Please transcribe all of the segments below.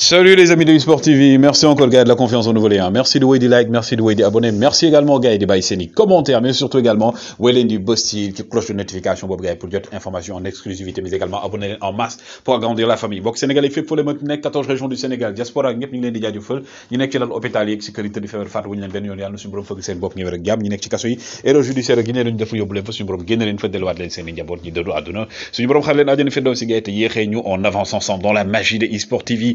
Salut les amis de eSport TV, merci encore le gars de la confiance en nouveau lien. Merci de way des like, merci de way des abonner, merci également au gars des Bay des commentaires, mais surtout également Wellen du Bostil qui cloche de notification pour d'autres informations en exclusivité, mais également abonnez en masse pour agrandir la famille. Bok Sénégal est fait pour les mots 14 régions du Sénégal, diaspora, ñep ñi ngi leen di jaajëfal ñi nekk ci lal hôpital yi ak sécurité di feebar faatu wuñ leen benn yoon yàlla suñu borom fëgg seen bopp ñu wér ak jàmm ñi nekk ci kaso yi erreur judiciaire gi ne luñu def yóbbu leen fa suñu borom génn leen fa delluwaat leen seen i njaboot ñi dëddu àdduna suñu borom xaar leen àjjana fi daw si gars yi te yéexee ñu en avance ensemble dans la magie de eSport TV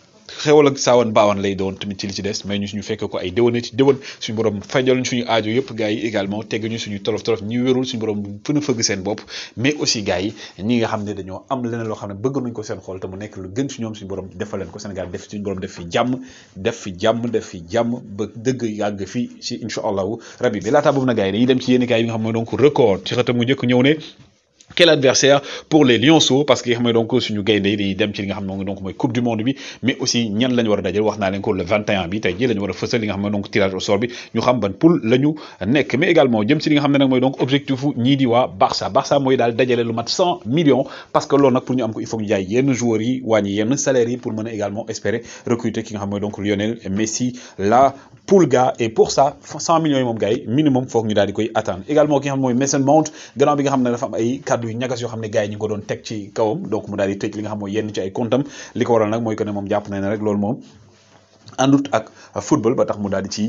xewal ak saawan baawan lay doon tamit ci li ci des mais ñu suñu fekk ko ay déwénati déwén suñu borom fajal ñu suñu aajo yëpp gars yi également tegg ñu suñu tolof tolof ñu wérul suñu borom fën fëgg seen bopp mais aussi gars yi ñi nga xam ne dañoo am leneen loo xam ne bëgg nañ ko seen xol te mu nekk lu gën si ñoom suñu borom defal leen ko Sénégal def suñu borom def fi jàmm def fi jàmm def dëgg yàgg fii si incha allahu rabbi bi laataa boobu na gars yi dañuy dem kaay yi nga xam ne donc record ci xëtam ne quel adversaire pour les Lionceaux parce que nga donc suñu gaynde yi dañuy dem ci li nga xam donc moy coupe du monde bi mais aussi ñan la wara war a wax ko le 21 bi tay ji lañ wara war a li nga xam donc tirage au sort bi ñu xam ban poule la nek mais également jëm ci li nga xam ne moy donc objectif ñi di wa Barça Barça moy dal dajale lu mat 100 millions parce que loolu nak pour ñu am ko il faut ñu jaay yenn joueurs yi wàññi yenn salaires yi pour mëna également espérer recruter ki nga xam donc Lionel Messi la Pulga et pour ça 100 millions mom gay minimum faut ñu dal di koy atteindre également ki nga xam moy mooy Mason Mount gannaaw bi nga xam dafa am ay kàddu yu ñagas yoo xam ne gars yi ñu ngi ko doon teg ci kawam donc mu daal di tëj li nga xam ci ay comptam li mooy que ne moom jàpp na ne rek loolu moom àndut ak football ba tax mu daal di ci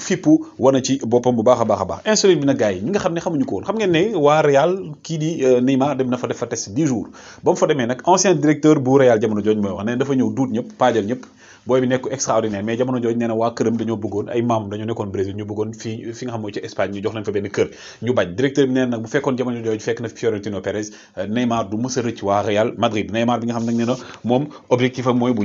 fippu wane ci boppam bu baax a baax a baax insolite bi nag gars ñi nga xam ne xamuñu ko woon xam ngeen ne waa Real kii di euh, Neymar dem na fa def fa test 10 jours ba mu fa demee nag ancien directeur bu Real jamono jooju mooy wax ne extraordinaire mais jamono jooju nee waa këram dañoo bëggoon ay maam dañoo nekkoon Brésil ñu bëggoon fii fi nga xam mooy ci Espagne ñu jox leen fa benn kër ñu bañ directeur bi nee euh, a rëcc waa Real Madrid Neymar bi nga xam nag nee na moom objectif am mooy bu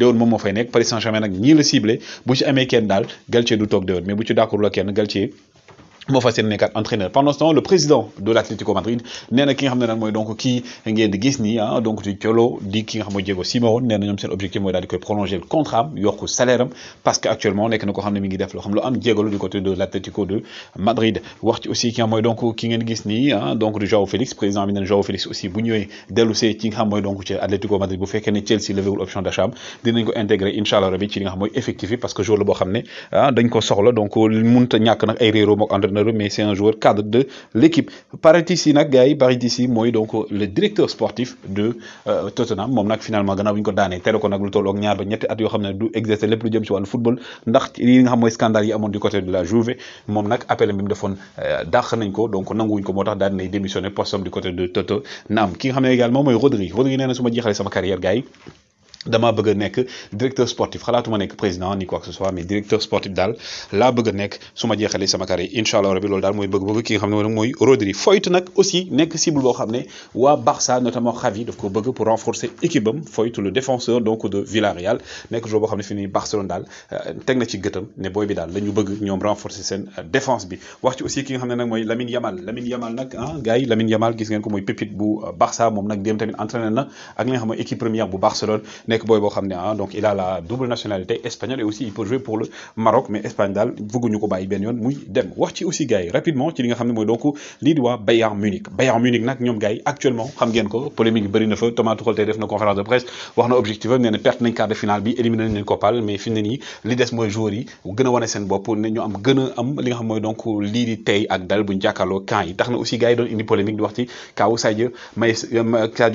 déwén moom moo fay nekk Paris Saint-Germain nag ñii la ciblé bu ci amee kenn daal Galtier du toog déwén mais bu ci d'accord la kenn Galtier moo fas yéene entraîneur pendant ce temps le président de l'Atlético Madrid Nena na ki nga xam ne nag donc kii ngeen di gis ah, donc du Cholo di ki nga xam mooy Diego Simeone Nena na ñoom seen objectif mooy daal di koy prolonger le contrat am yokku salaire parce que actuellement nekk na ko xam mi ngi def loo xam am jéego du côté de l'Atlético de Madrid wax ci aussi ki nga donc ki ngeen gis nii ah donc di Joao Félix président bi neen Joao Félix aussi bu ñëwee dellu see ci nga xam mooy donc ci Atlético Madrid bu fekkee ne Chelsea levéwul option d'achat am dinañ ko intégrer incha allah rabi ci li nga xam mooy effectif parce que je le boo xam ne ah, dañ ko soxla donc munta ñàkk nag ay réeroo mook entraîneur entraîneur mais c'est un joueur cadre de l'équipe Paratici nag gars yi Paratici mooy donc le directeur sportif de euh, Tottenham Mon nak finalement gannaaw bi ñu ko qu'on a glouté nag lu toll ak ñaar ba ñetti at yoo le ne du exercer plus lu ci football ndax li nga xam un scandale yi du côté de la Juve Mon nak appel bi mu fond euh, dàq nañ ko donc on a un tax daan nay démissionné postom du côté de Tottenham ki nga xam également mooy Rodri Rodri nee pas su que jeexalee sama carrière gars yi dama bëgg a nekk directeur sportif xalaatuma nekk président ni quoi que ce soit mais directeur sportif dal la bëgg a nekk su ma jeexalee sama carrière incha allah rabi loolu daal mooy bëgg-bëgg ki nga xam ne mooy Rodri Foyt nag aussi nekk cible boo xam ne waa Barça notamment Xavi daf ko bëgg pour renforcer équipe am Foyt le défenseur donc de Villarreal nekk joueur boo xam ne fi ni Barcelone daal euh, teg na ci gëtam ne booy bi daal lañu bëgg ñoom renforcer seen euh, défense bi wax ci aussi ki nga xam ne nag Lamine Yamal Lamine Yamal nag ah gars Lamine Yamal gis ngeen ko mooy pépite bu euh, Barça moom nag dem tamit entraîné na ak li nga xam équipe première bu Barcelone nek boy bo xamné ah, donc il a la double nationalité espagnole et aussi il peut jouer pour le Maroc mais Espagne vous bëgguñu ko bàyyi ben yoon muy dem wax ci aussi gay rapidement ci li nga xamné moy donc lii di Bayern Munich Bayern Munich nak ñom gars actuellement xam ngeen ko polémique bi bëri na fa Thomas Tuchel tay def na conférence de presse wax na objectif né na perte nañ quart de finale bi éliminer nañ ko pal mais fi ni ne li dess moy joueur yi gën wone seen bopp ne ñu am gën a am li nga xam moy donc lii di Tay ak dal buñ il camp yi taxna aussi gars doon indi polémique di wax ci kaaw Sadio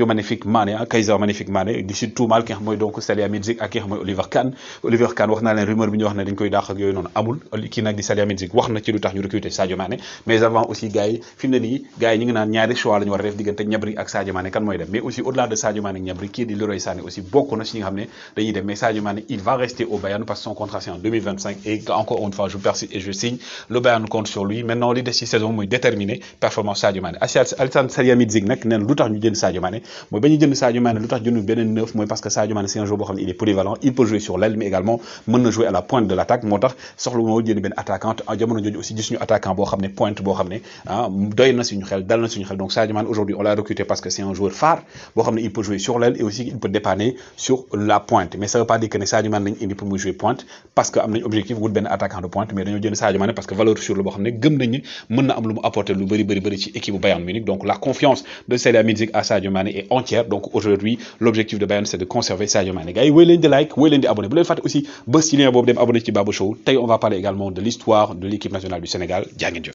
magnifique euh, Mané ah, Kaiser magnifique Mané di tout mal moy donc Salihamidzic ak ki xam mooy Oliver Kahn Oliver Kahn waxna len rumeur bi ñu wax ne dañ koy dakh ak yoy non amul ki nak di Salia wax waxna ci lutax ñu recruter Sadio Mané mais avant aussi gars yi fi mu ne ni gars yi ñu ngi naan ñaari choix la ñu war a def diggante Gnabry ak Sadio Mané kan moy dem mais aussi au delà de Sadio Mané Gnabry ki di Leroy Sané aussi bokku na ci ñi nga xamné dañuy dem mais Sadio Mané il va rester au Bayern parce que son contrat c'est en 2025 et encore une fois je persiste et je signe le Bayern compte sur lui maintenant li des ci saison moy déterminé performance Sadio Mané Alassane Salihamidzic nag neen lu tax ñu jënd Sadio Mané moy bañu ñu jënd Sadio Mané lutax tax jënd beneen neuf mooy parce que Sadio Ilimane c'est un joueur il est polyvalent il peut jouer sur l'aile mais également mon jouer à la pointe de l'attaque moo sur le wu ma jënd benn attaquant ah, jamono jooju aussi gis ñu attaquant boo xam pointe boo xam ne ah doy na suñu xel dal na suñu xel donc Sadio aujourd'hui on l'a recruté parce que c'est un joueur phare boo il peut jouer sur l'aile et aussi il peut dépanner sur la pointe mais ça veut pas dire que ne Sadio Mané lañ indi pour jouer pointe parce que am objectif wut benn attaquant de pointe mais dañoo jënd Sadio parce que valeur sur le boo xam ne gëm nañ ne am lu mu apporter lu bari bari bari ci équipe Bayern Munich donc la confiance de à Mané à Sadio demande est entière donc aujourd'hui l'objectif de Bayern c'est de conserver Hein, Sadio Mané gars wéy leen di like wéy leen di abonné bu leen fàtte aussi ba si lien boobu dem abonné ci Babou Show tey on va parler également de l'histoire de l'équipe nationale du Sénégal jaa